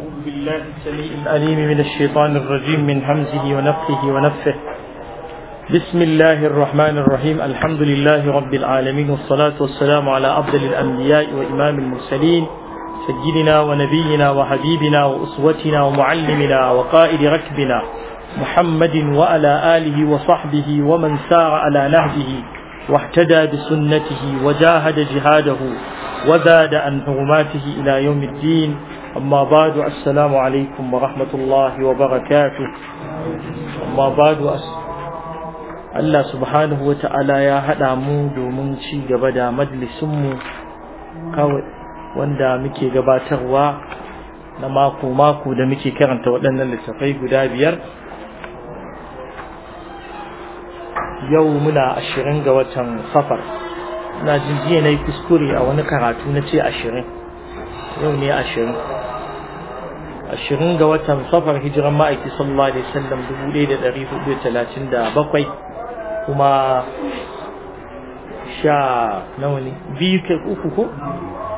أعوذ بالله السميع الأليم من الشيطان الرجيم من همزه ونفخه ونفه بسم الله الرحمن الرحيم الحمد لله رب العالمين والصلاة والسلام على أفضل الأنبياء وإمام المرسلين سيدنا ونبينا وحبيبنا وأسوتنا ومعلمنا وقائد ركبنا محمد وعلى آله وصحبه ومن سار على نهجه واهتدى بسنته وجاهد جهاده وزاد عن حرماته إلى يوم الدين أما بعد السلام wa ورحمة الله وبركاته أما بعد Allah subhanahu wa ta'ala ya haɗa mu domin ci gaba da majalisunmu kawai wanda muke gabatarwa na mako-mako da muke karanta waɗannan littafai guda biyar yau muna ashirin ga watan safar na jin jiya na yi kuskure a wani karatu na ce ashirin yau ne ashirin ashirin ga watan safar hijiran ma'aiki sallallahu alaihi wasallam dubu ɗaya da ɗari huɗu talatin da bakwai kuma sha nawa ne biyu ke uku ko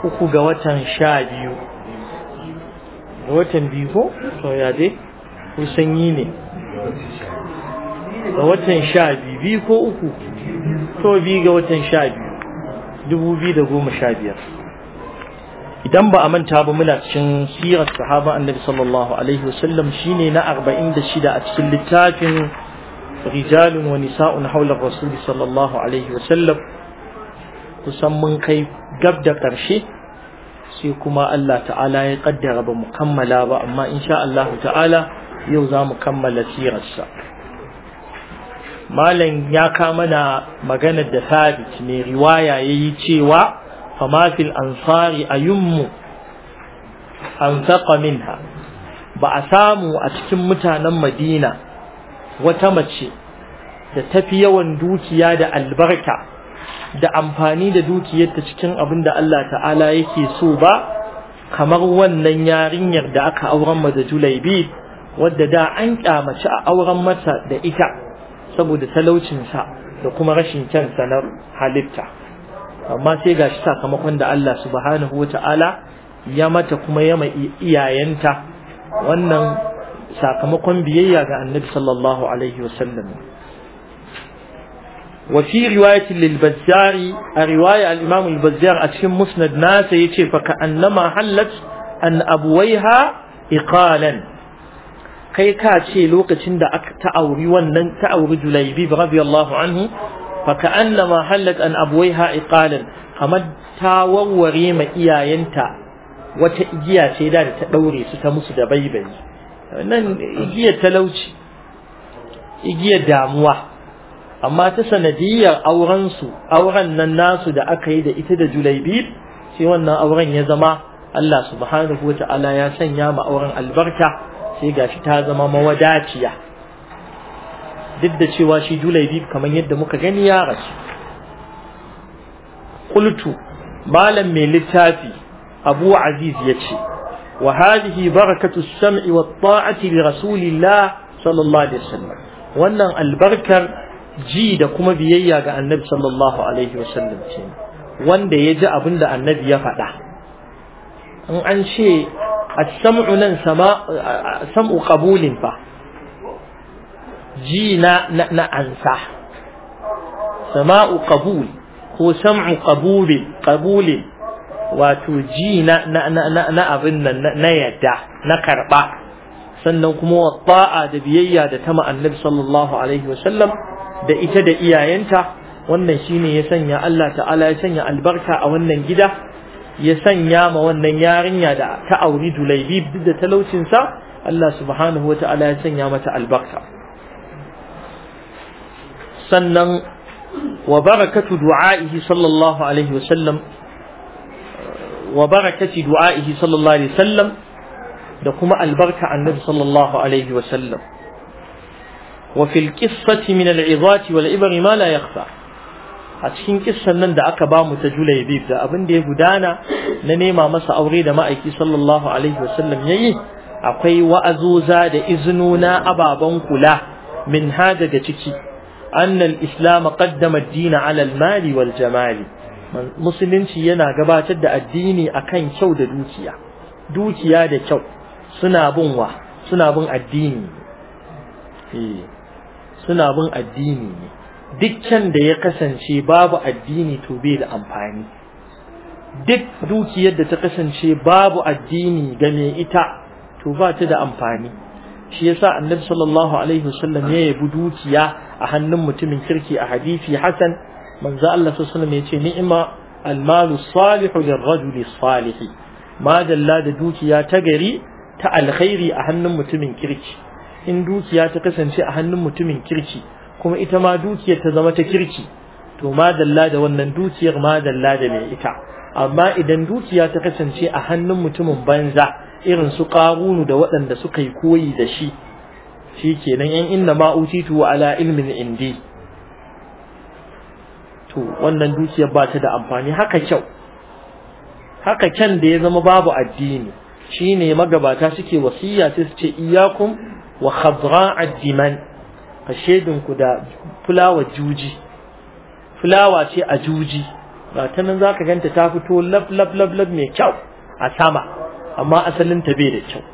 uku ga watan sha biyu ga watan biyu ko to ya dai ko sanyi ne ga watan sha biyu biyu ko uku to biyu ga watan sha biyu dubu biyu da goma sha biyar idan ba a manta ba muna cikin sirar sahaba annabi sallallahu alaihi wasallam shine na 46 a cikin littafin rijalun wa nisa'un hawla rasul sallallahu alaihi wasallam kusan mun kai gab da karshe sai kuma Allah ta'ala ya kaddara ba mu kammala ba amma insha Allah ta'ala yau za mu kammala sirarsa malam ya kama na maganar da sabit mai riwaya yayi cewa فما في الأنصار أيم أنفق منها cikin أتكم متانا مدينة وتمتشي da tafi yawan dukiya da albarka da amfani da dukiyarta cikin abin da Allah ta'ala yake so ba kamar wannan yarinyar da aka auren mata julaibi wadda da an kyamaci a auren mata da ita saboda sa da kuma rashin kyansa na halitta amma sai gashi sakamakon da Allah subhanahu wata'ala ya mata kuma ya ma iyayenta wannan sakamakon biyayya ga annabi sallallahu alaihi wasallam wa fi riwayati lil bazzari a riwaya al imam al bazzar a cikin musnad nasa yace fa ka annama hallat an abwayha iqalan kai ka ce lokacin da aka ta auri wannan ta auri julaybi radiyallahu anhu ta warware ma iyayenta أبويها ce da da ta إياينتا su ta musu da دبيبي nan igiyar talauci igiyar damuwa amma ta sanadiyar aurensu auren nan nasu da aka yi da ita da julaibib sai wannan auren ya zama Allah subhanahu wa ya sanya ma auren albarka sai gashi ta zama mawadaciya duk da cewa shi julaibi kamar yadda muka gani ya rasu qultu malam mai littafi abu aziz ya ce wa hadhihi barakatu sam'i wa ta'ati li rasulillah sallallahu alaihi wasallam wannan albarkar ji da kuma biyayya ga annabi sallallahu alaihi wasallam ce wanda ya ji abin da annabi ya faɗa in an ce as-sam'u nan sama sam'u qabulin fa ji na ansa sama'u qabul ko sam'u qabulin qabulin wato ji na na abin nan na yadda na karba sannan kuma wa da biyayya da tama annabi sallallahu alaihi wasallam da ita da iyayenta wannan shine ya sanya Allah ta'ala ya sanya albarka a wannan gida ya sanya ma wannan yarinya da ta auri dulaibi duk da talaucinsa Allah subhanahu wa ta'ala ya sanya mata albarka sannan wa barakatu du'a'ihi sallallahu alaihi wasallam wa barakati du'a'ihi sallallahu alaihi wasallam da kuma albarka annabi sallallahu alaihi wasallam wa fil qissati min al'izati wal ibri ma la yakhfa a cikin kissan nan da aka bamu ta Julaibib da abin da ya gudana na nema masa aure da ma'aiki sallallahu alaihi wasallam yayi akwai wa'azuza da izinuna ababan kula min ha daga ciki أن الإسلام قدم الدين على المال والجمال musulunci yana gabatar da addini akan kyau da dukiya dukiya da kyau suna bin suna bin addini suna bin addini ne dukkan da ya kasance babu addini to bai da amfani duk dukiyar da ta kasance babu addini ga mai ita to ba ta da amfani shi yasa annabi sallallahu alaihi wasallam ya yabi dukiya a hannun mutumin kirki a hadisi hasan manzo Allah sallallahu alaihi wasallam yace ni'ma almalu salihu lirrajuli salih ma dalla da dukiya ta gari ta alkhairi a hannun mutumin kirki in dukiya ta kasance a hannun mutumin kirki kuma ita ma dukiyar ta zama ta kirki to ma dalla da wannan dukiyar ma dalla da mai ita amma idan dukiya ta kasance a hannun mutumin banza irin su ƙarunu da waɗanda suka yi koyi da shi shi kenan yan inda ma wa ala ilmin indi to wannan dukiyar ba ta da amfani haka kyau haka kyan da ya zama babu addini shine magabata suke wasiya sai su ce iyakun wa khadra addiman a ku da fulawa juji fulawa ce a juji ba ta nan za ka ganta ta fito lab lab lab mai kyau a sama amma asalin ta bai da kyau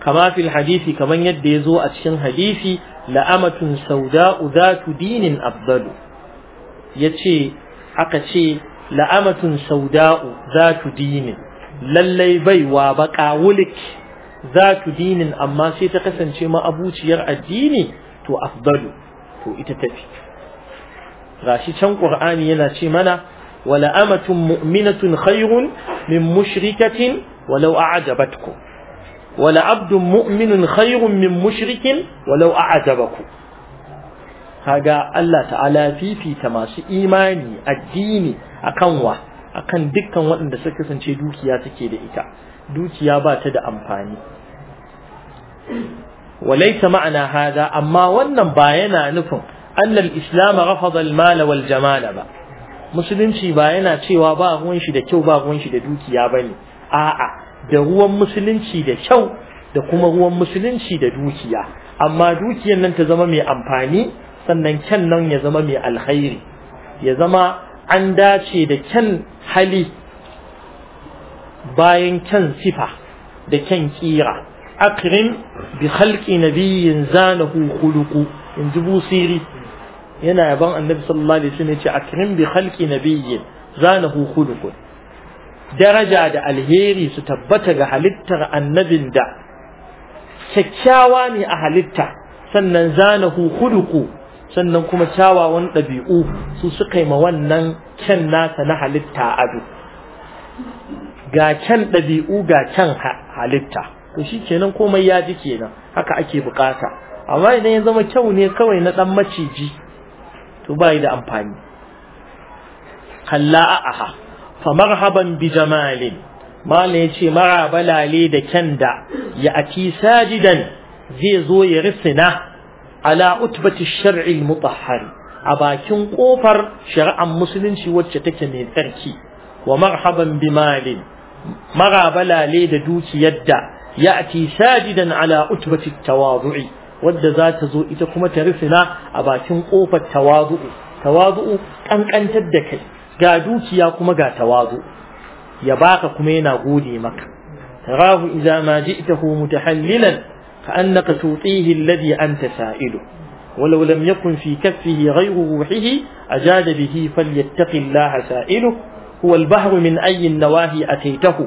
kama fil hadisi kaman yadda ya zo a cikin hadisi la'amatun sauda'u zatu dinin abdalu ya ce aka ce la'amatun sauda'u zatu dinin lallai baiwa baka wulik zatu dinin amma sai ta kasance ma'abuciyar addini to afdalu to ita tafi gashi can ƙur'ani yana ce mana wala amatun mu'minatun khairun min mushrikatin walau a'jabatkum wala abdun muminun khairun min mushrikin walau a ajabaku kaga Allah ta'ala fifita masu imani addini akan wa akan dukkan waɗanda suka kasance dukiya take da ita dukiya ba ta da amfani walaita ma'ana hada. amma wannan ba yana nufin annal islam rafada almal wal jamal ba musulunci ba yana cewa ba ruwan shi da kyau ba ruwan shi da dukiya bane a'a da ruwan musulunci da kyau da kuma ruwan musulunci da dukiya amma dukiyar nan ta zama mai amfani sannan kyan nan ya zama mai alkhairi ya zama an dace da kyan hali bayan kyan sifa da kyan kira Akirin bi na nabiyyin zanahu khuluqu in ji busiri yana yaban annabi sallallahu alaihi wasallam ya ce akrim bi khalqi nabiyyin zanahu khuluqu daraja da alheri su tabbata ga halittar annabin da kyakkyawa ne a halitta sannan zanahu huduku sannan kuma kyawawan ɗabi'u su suka yi ma wannan kyan nasa na halitta abu ga kyan ɗabi'u ga kyan halitta to shi kenan komai ya ji kenan haka ake bukata amma idan ya zama kyau ne kawai na ɗan maciji to ba da amfani kalla a'aha فمرحبا بجمال ما ليشي مرحبا لالي دا كندا يأتي ساجدا زي زوي رسنا على أتبة الشرع المطهر أبا كن قوفر شرع مسلم شو وجتك من تركي ومرحبا بمال مرحبا لالي دا دوت يدا يأتي ساجدا على أتبة التواضع ودى زوي زو إتكمة رسنا أبا كن قوفة التواضع تواضع أن أنت الدكت ga dukiya kuma ga tawazu ya baka kuma yana gode maka tarahu idza ma ji'tahu mutahallilan ka annaka tutihi alladhi anta sa'ilu ولو لم يكن في كفه غير روحه أجاد به فليتق الله سائله هو البحر من أي النواهي أتيته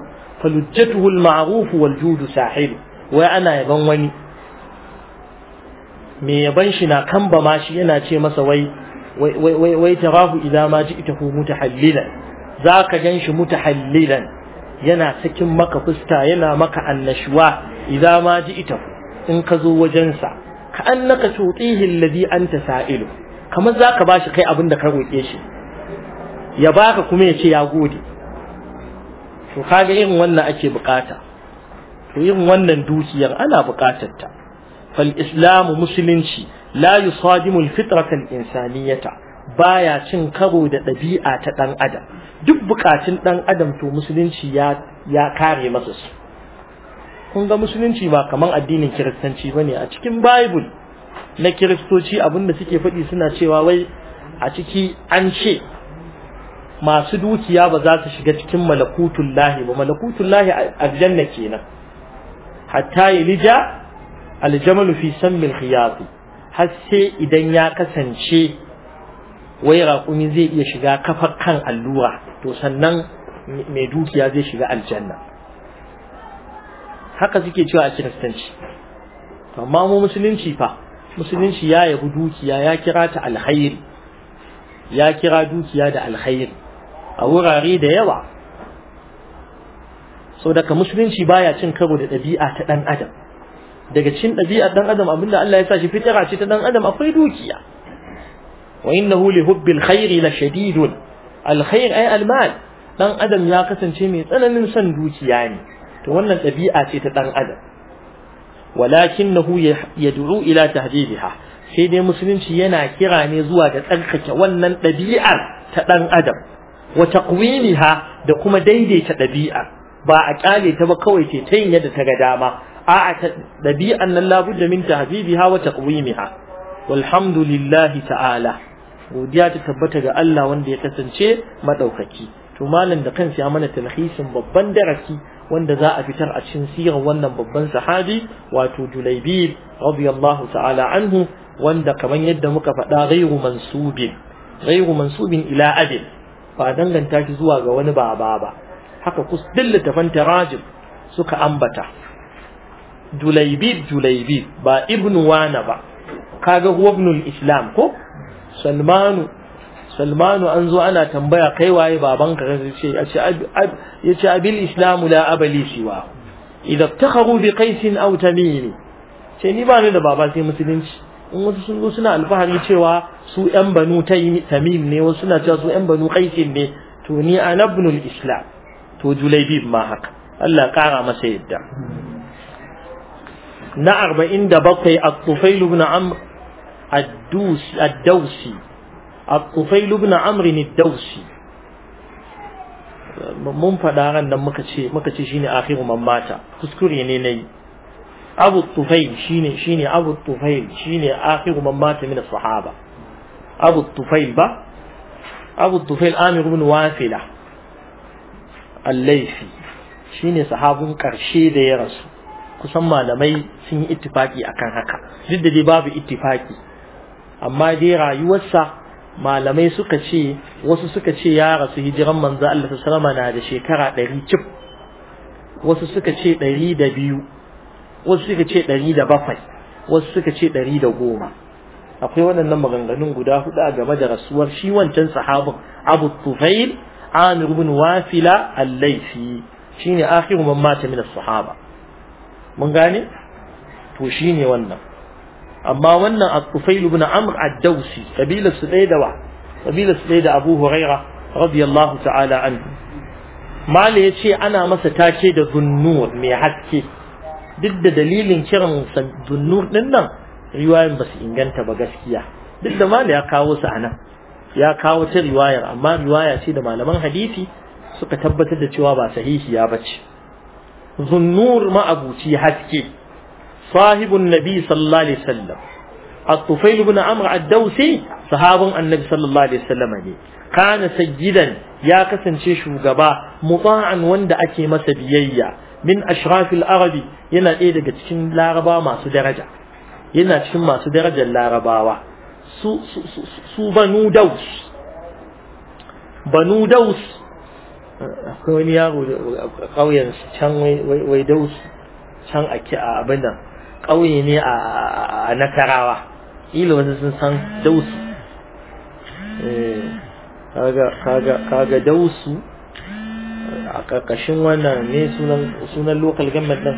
فلجته المعروف والجود ساحله وأنا يبن وني me yaban shi na kan ba ma shi yana ce masa wai wai tarahu idza ma ji'tahu mutahallilan zaka ganshi mutahallilan yana cikin maka fusta, yana maka annashuwa idza ma ji'tahu in ka zo wajen sa ka annaka tutihi alladhi anta sa'ilu kamar zaka bashi kai abin da ka roke shi ya baka kuma ya ce ya gode to kaga irin wannan ake bukata to irin wannan dukiyar ana bukatar ta fal islamu musulunci la yusadimu alfitratan insaniyata baya cin karo da ɗabi'a ta ɗan adam duk bukatun ɗan adam to musulunci ya ya kare masa su kun ga musulunci ba kaman addinin kiristanci bane a cikin bible na kiristoci abinda suke faɗi suna cewa wai a ciki an ce masu dukiya ba za su shiga cikin malakutun lahi ba malakutun lahi aljanna kenan hatta yalija aljamalu fi sammil khiyati har sai idan ya kasance wai raƙumi zai iya shiga kafar kan allura to sannan mai dukiya zai shiga aljanna haka suke cewa a kiristanci amma mu musulunci fa musulunci ya yabi dukiya ya kira ta alhairi ya kira dukiya da alhairi a wurare da yawa Sau daga musulunci baya cin karo da ɗabi'a ta ɗan adam daga cikin ɗabi'ar dan adam abinda Allah ya sa shi fitira ce ta dan adam akwai dukiya wa innahu li hubbil khairi la shadidun alkhair ay almal dan adam ya kasance mai tsananin son dukiya ne to wannan ɗabi'a ce ta dan adam walakinahu yad'u ila tahdidiha sai dai musulunci yana kira ne zuwa ga tsarkake wannan ɗabi'ar ta dan adam wa da kuma daidaita ɗabi'ar ba a kyale ta ba kawai ce ta yin yadda ta ga dama a'a dabi'an nan labudda min tahfiziha wa taqwimiha lillahi ta'ala godiya ta tabbata ga Allah wanda ya kasance madaukaki to malam da kansa ya mana talhisin babban darasi wanda za a fitar a cikin sirrin wannan babban sahabi wato Julaybi radiyallahu ta'ala anhu wanda kaman yadda muka faɗa ghayru mansubin ghayru mansubin ila abin ba danganta shi zuwa ga wani baba ba haka kus dillata fanta rajib suka ambata julaibib julaibib ba ibn wana ba kaga huwa ibn islam ko salmanu salmanu an zo ana tambaya kai waye babanka ce ya ce abil islamu la abali siwa idan haru bi sin aw tamimi ce ni ba ni da baba sai musulunci in wasu sun zo suna alfahari cewa su yan banu tamim ne wasu suna cewa su yan banu qaisin ne to ni anabnul islam to julaibib ma haka Allah kara masa yadda na arba'in da bakwai at-tufail ibn amr a dawsi at-tufail ibn amr ad-dawsi mun faɗa ran nan muka ce shi ne shine Mamata. kuskure ne nayi abu tufail shine shine abu tufail shine akhiru man mata min sahaba abu tufail ba abu tufail amir ibn wafila al shi ne sahabun ƙarshe da ya rasu kusan malamai sun yi ittifaki akan haka duk da dai babu ittifaki amma dai rayuwarsa malamai suka ce wasu suka ce ya rasu hijiran manzo Allah sallama na da shekara 100 cif wasu suka ce 102 wasu suka ce 107 wasu suka ce 110 akwai waɗannan maganganun guda hudu game da rasuwar shi wancan sahabin Abu Tufail Amir ibn Wafila al-Laifi shine akhiru man mata min as-sahaba mun gane to shine wannan amma wannan at-tufail ibn amr ad-dawsi kabilar su ɗaya da wa kabilar su da abu huraira radiyallahu ta'ala anhu mala ya ce ana masa take da zunnur mai haske duk da dalilin kiran zunnur din nan riwayar ba su inganta ba gaskiya duk da mala ya kawo su a nan ya kawo ta riwayar amma riwaya ce da malaman hadisi suka tabbatar da cewa ba sahihiya ba ce zunnur ma'abuci haske sahibun nabi sallallahu alaihi wasallam الطفيل بن عمرو الدوسي صحاب النبي صلى الله عليه وسلم ne kana sayyidan ya kasance shugaba muta'an wanda ake masa biyayya min ashrafil arabi yana ɗaya daga cikin laraba masu daraja yana cikin masu darajar larabawa su su su banu daus banu daus akwai wani yaro da ƙauyen can wai dausu can a abin nan ƙauye ne a nasarawa ila wasu sun san dausu eh, kaga dausu a ƙarƙashin wannan ne sunan local government din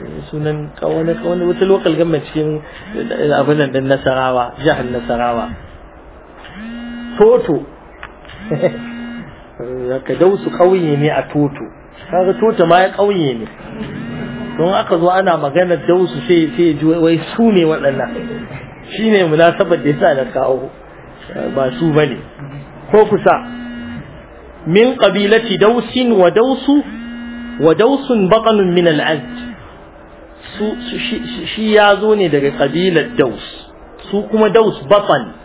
eh, sunan kawane-kawane wata local government cikin abin nan din nasarawa jihar nasarawa toto Eh, ka dausu ƙauye ne a toto kaga toto ma ya ƙauye ne don aka zo ana magana dausu sai sai ji wai su ne waɗannan shine munasabar da yasa na kawo eh, ba su bane ko kusa min qabilati dausin wa dausu wa dausun baqanun min al'ad su shi ya zo ne daga qabilar daus su kuma daus baqan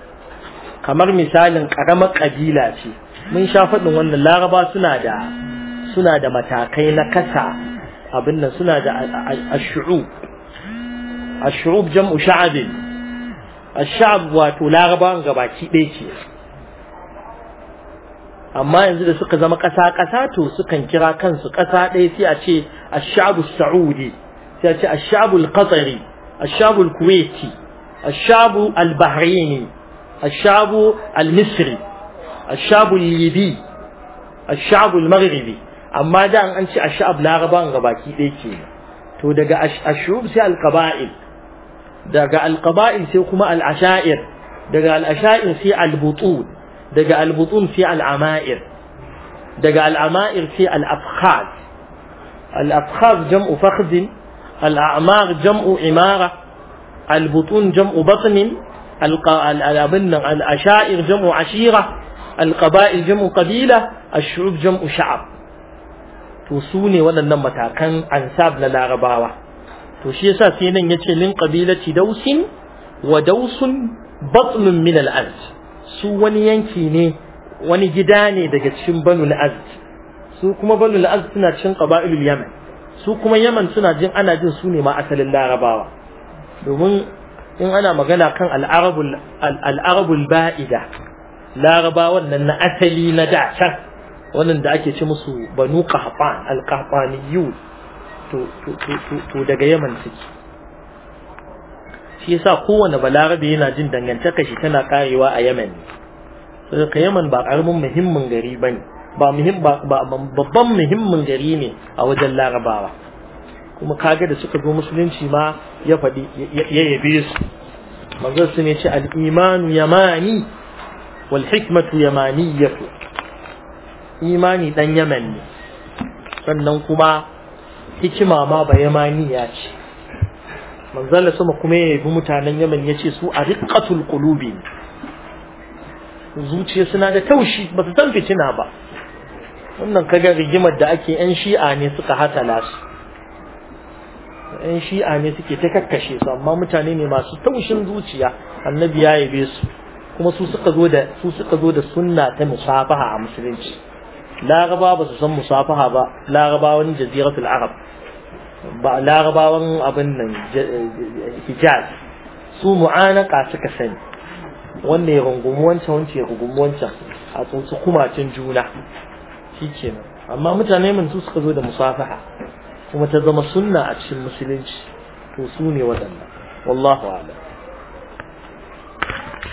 kamar misalin karamar kabila ce mun sha faɗin wannan laraba suna da suna da matakai na kasa abin nan suna da ashu'ub ashu'ub jam'u sha'abin ash'ab wato laraba gabaki ɗaya ce amma yanzu da suka zama ƙasa ƙasa to sukan kira kansu ƙasa ɗaya sai a ce ash-sha'bu saudi sai a ce ash-sha'bu al-qatari ash-sha'bu al-kuwaiti ash al-bahraini الشعب المصري الشعب الليبي الشعب المغربي amma da an ce ashab laraban ga baki ɗaya to daga ashub sai alqaba'il daga alqaba'il sai kuma al'asha'ir daga al'asha'ir sai albutun daga albutun sai al'ama'ir daga al'ama'ir sai al'afkhaz al'afkhaz jam'u fakhdin al'amar jam'u imara albutun jam'u batnin abin nan al'asha'ir jam'u ashira alƙaba'il jam'u ƙabila a ash'ub jam'u sha'ab to su ne waɗannan matakan ansab na larabawa to shi yasa sai nan ya ce min qabilati dausin wa dausun batlun min al su wani yanki ne wani gida ne daga cikin banul azd su kuma banul azd suna cikin qabailul yaman su kuma yaman suna jin ana jin su ne ma asalin larabawa domin in ana magana kan al'arabul ba'ida larabawan nan na asali na da can wannan da ake ci musu banu kahfan alkahfaniyu to daga yaman suke shi yasa kowane balarabe yana jin dangantaka shi tana karewa a yaman saboda yaman ba karamin muhimmin gari ba muhim ba babban muhimmin gari ne a wajen larabawa kuma kaga da suka zo musulunci ma ya faɗi ya yabe su manzon su ne ce al-imanu yamani wal hikmatu yamaniyatu imani dan yaman ne sannan kuma hikima ma ba yamaniya ce manzon sama kuma ya yabi mutanen yaman ya ce su a riqatul qulubi zuciya suna da taushi ba su san fitina ba wannan kaga rigimar da ake yan shi'a ne suka hatala su yan shi'a ne suke ta kakkashe su amma mutane ne masu taushin zuciya annabi ya yabe su kuma su suka zo da su suka zo da sunna ta musafaha a musulunci laraba ba su san musafaha ba larabawan jaziratul arab ba larabawan abin nan hijaz su mu'anaka suka sani wanda ya rungumi wancan wancan ya rungumi wancan a tsotsi kumacin juna shi amma mutane mun su suka zo da musafaha kuma ta zama sunna a cikin musulunci to su ne waɗannan wallahu a'lam